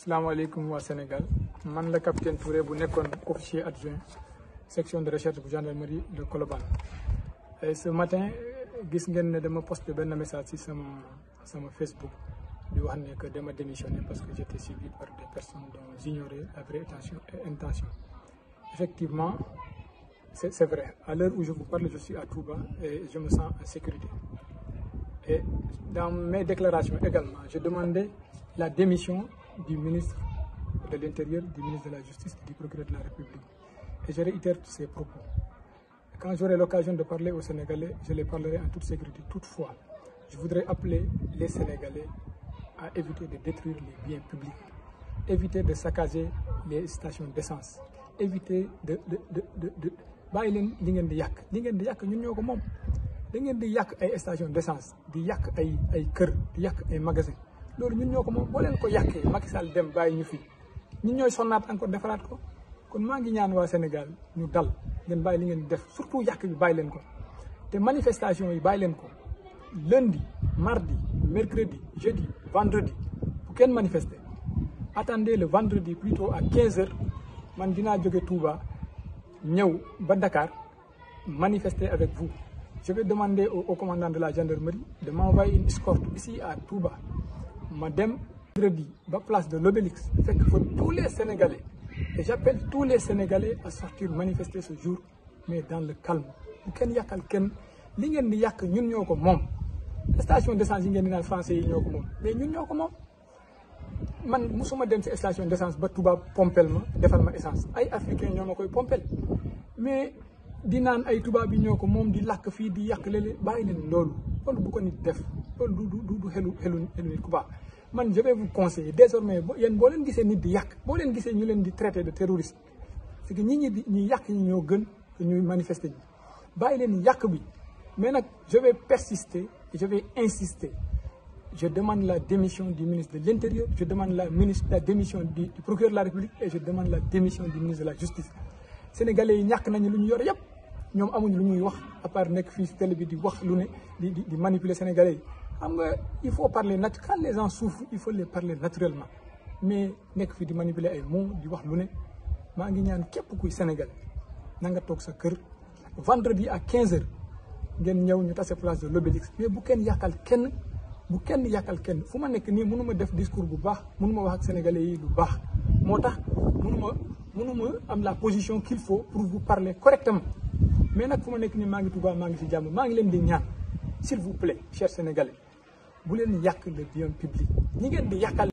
salaamaaleykum waa Sénégal man la capitaine Touré bu nekkoon officier adjoint section de recherche bu gendarmerie de Colobane et ce matin gis ngeen ne dama posté benn message si sama sama Facebook di wax ne que dama démissionné parce que j'étais suivi par des personnes dont j'ignorais la vraie intention et intention effectivement c'est c'est vrai à l'heure ou je vous parle à Touba et je me sens en sécurité et dans mes déclarations également je demandais la démission di ministre de l'Intérieur, du ministre de la Justice et du procureur de la République. Et je réitère ces propos. Quand j'aurai l'occasion de parler aux Sénégalais, je les parlerai en toute sécurité. Toutefois, je voudrais appeler les Sénégalais à éviter de détruire les biens publics, éviter de saccager les stations d'essence, éviter de de de de de bàyyi leen li ngeen di yàq li ngeen di yàq ñun ñoo ko mom da ngeen di yàq ay stations d'essence di yàq ay ay kër di yàq ay magasins. loolu ñun ñoo ko moom boo leen ko yàqee Macky Sall dem bàyyi ñu fi ñun ñooy sonnaat encore defaraat ko kon maa ngi ñaan waa Sénégal ñu dal ngeen bàyyi li ngeen def surtout yàq bi bàyyi leen ko te manifestation yi bàyyi leen ko lundi mardi mercredi jeudi vendredi bu kenn manifester attendez le vendredi plutôt à 15 heures man dinaa jóge Touba ñëw ba ndakaar manifester avec vous je vais au, au commandant de la gendarmerie de m'envoyer une escorte ici à Touba ma dem vendredi ba place de l'Obélisque fekk fa tous les Sénégalais et j'appelle tous les Sénégalais à sortir manifester ce jour mais dans le calme bu kenn yàqal kenn li ngeen di yàq ñun ñoo ko moom station d'essence yi ngeen di naan français yi ñoo ko moom mais ñun ñoo ko moom man musuma dem ci station d'essence ba tubaab pompel ma defal ma essence ay africain ñoo ma koy pompel mais di naan ay tubaab yi ñoo ko moom di làkk fii di yàq léeg-léeg bàyyi leen loolu loolu ko nit def du du du xelu xelu nit ku baax man je vais vous conseiller désormais yéen boo leen gisee nit di yàq boo leen gisee ñu leen di traité de terroriste c'est que ñi ñi di ñi yàq ñi ñoo gën ñuy manifester ñi bàyyi leen yàq bi mais nag je vais persister je vais insister je demande la démission du ministre de l'Intérieur je demande la ministre la démission du procureur de la République et je demande la démission du ministre de la Justice sénégalais yi ñàkk nañu lu ñu yor yëpp ñoom amuñ lu ñuy wax à nekk fii télé bi di wax lu ne di di di manipuler sénégalais yi xam nga il faut parler naturel quand les gens il faut les parler naturellement mais nekk fii di manipuler ay moom di wax lu ne maa ngi ñaan képp kuy sénégalais na nga toog sa kër vendredi ak quinze h ngeen ñëw ñu tase place de l'Obélisque mais bu kenn yàqal kenn bu kenn yàqal kenn fu ma nekk nii mënu ma def discours bu baax mënu ma wax ak sénégalais yi lu baax moo tax mënu ma mënu ma am la position qu'il pour vous parler correctement. mais nag fu ma nekk nii maa ngi Touba maa ngi si jàmm maa ngi leen di ñaan s'il vous plaît chers sénégalais bu leen yàq le bien public ñi ngeen di yàqal